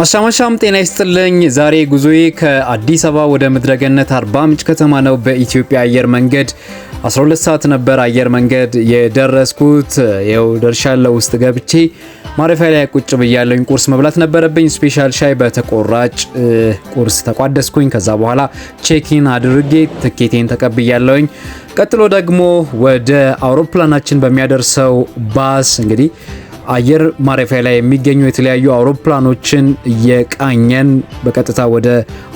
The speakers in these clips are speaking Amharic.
አሻማሻም ጤና ይስጥልኝ። ዛሬ ጉዞዬ ከአዲስ አበባ ወደ ምድረገነት አርባ ምንጭ ከተማ ነው። በኢትዮጵያ አየር መንገድ 12 ሰዓት ነበር አየር መንገድ የደረስኩት። ይኸው ደርሻለሁ። ውስጥ ገብቼ ማረፊያ ላይ ቁጭ ብያለኝ። ቁርስ መብላት ነበረብኝ። ስፔሻል ሻይ በተቆራጭ ቁርስ ተቋደስኩኝ። ከዛ በኋላ ቼኪን አድርጌ ትኬቴን ተቀብያለሁኝ። ቀጥሎ ደግሞ ወደ አውሮፕላናችን በሚያደርሰው ባስ እንግዲህ አየር ማረፊያ ላይ የሚገኙ የተለያዩ አውሮፕላኖችን እየቃኘን በቀጥታ ወደ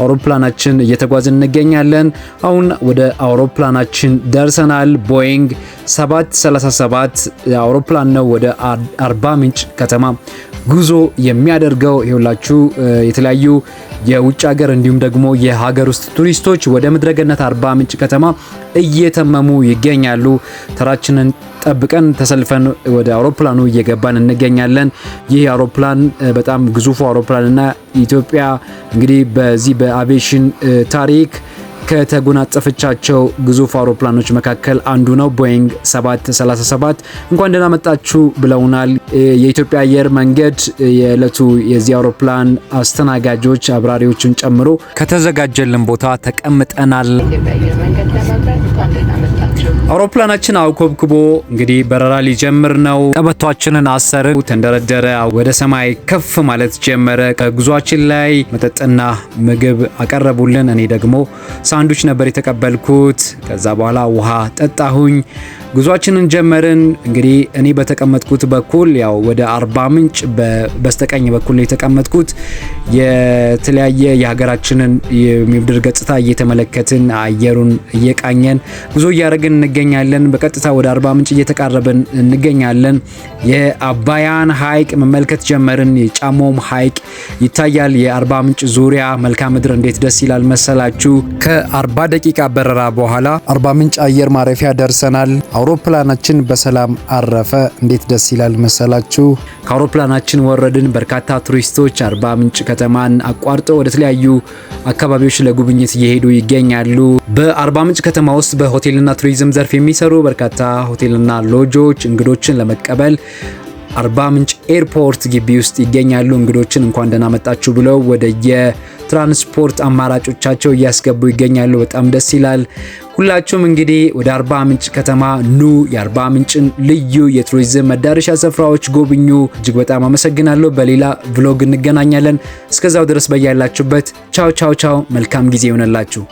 አውሮፕላናችን እየተጓዝን እንገኛለን። አሁን ወደ አውሮፕላናችን ደርሰናል። ቦይንግ 737 አውሮፕላን ነው ወደ አርባ ምንጭ ከተማ ጉዞ የሚያደርገው ይኸውላችሁ የተለያዩ የውጭ ሀገር እንዲሁም ደግሞ የሀገር ውስጥ ቱሪስቶች ወደ ምድረገነት አርባ ምንጭ ከተማ እየተመሙ ይገኛሉ። ተራችንን ጠብቀን ተሰልፈን ወደ አውሮፕላኑ እየገባን እንገኛለን። ይህ አውሮፕላን በጣም ግዙፉ እና ኢትዮጵያ እንግዲህ በዚህ በአቪዬሽን ታሪክ ከተጎናጸፈቻቸው ግዙፍ አውሮፕላኖች መካከል አንዱ ነው። ቦይንግ 737 እንኳን ደህና መጣችሁ ብለውናል። የኢትዮጵያ አየር መንገድ የዕለቱ የዚህ አውሮፕላን አስተናጋጆች አብራሪዎችን ጨምሮ ከተዘጋጀልን ቦታ ተቀምጠናል። አውሮፕላናችን አውኮብክቦ እንግዲህ በረራ ሊጀምር ነው። ቀበቷችንን አሰርን፣ ተንደረደረ፣ ወደ ሰማይ ከፍ ማለት ጀመረ። ከጉዟችን ላይ መጠጥና ምግብ አቀረቡልን። እኔ ደግሞ ሳንዱች ነበር የተቀበልኩት። ከዛ በኋላ ውሃ ጠጣሁኝ። ጉዟችንን ጀመርን። እንግዲህ እኔ በተቀመጥኩት በኩል ያው ወደ አርባ ምንጭ በስተቀኝ በኩል ነው የተቀመጥኩት። የተለያየ የሀገራችንን የምድር ገጽታ እየተመለከትን አየሩን እየቃኘን ጉዞ እያደረግን እንገኛለን። በቀጥታ ወደ አርባ ምንጭ እየተቃረብን እንገኛለን። የአባያን ሐይቅ መመልከት ጀመርን። የጫሞም ሐይቅ ይታያል። የአርባ ምንጭ ዙሪያ መልክዓ ምድር እንዴት ደስ ይላል መሰላችሁ። ከአርባ ደቂቃ በረራ በኋላ አርባ ምንጭ አየር ማረፊያ ደርሰናል። አውሮፕላናችን በሰላም አረፈ። እንዴት ደስ ይላል መሰላችሁ! ከአውሮፕላናችን ወረድን። በርካታ ቱሪስቶች አርባ ምንጭ ከተማን አቋርጠው ወደ ተለያዩ አካባቢዎች ለጉብኝት እየሄዱ ይገኛሉ። በአርባ ምንጭ ከተማ ውስጥ በሆቴልና ቱሪዝም ዘርፍ የሚሰሩ በርካታ ሆቴልና ሎጆች እንግዶችን ለመቀበል አርባ ምንጭ ኤርፖርት ግቢ ውስጥ ይገኛሉ። እንግዶችን እንኳን ደህና መጣችሁ ብለው ወደ የትራንስፖርት አማራጮቻቸው እያስገቡ ይገኛሉ። በጣም ደስ ይላል። ሁላችሁም እንግዲህ ወደ አርባ ምንጭ ከተማ ኑ፣ የአርባ ምንጭን ልዩ የቱሪዝም መዳረሻ ስፍራዎች ጎብኙ። እጅግ በጣም አመሰግናለሁ። በሌላ ቭሎግ እንገናኛለን። እስከዛው ድረስ በያላችሁበት ቻው ቻው ቻው። መልካም ጊዜ ይሆነላችሁ።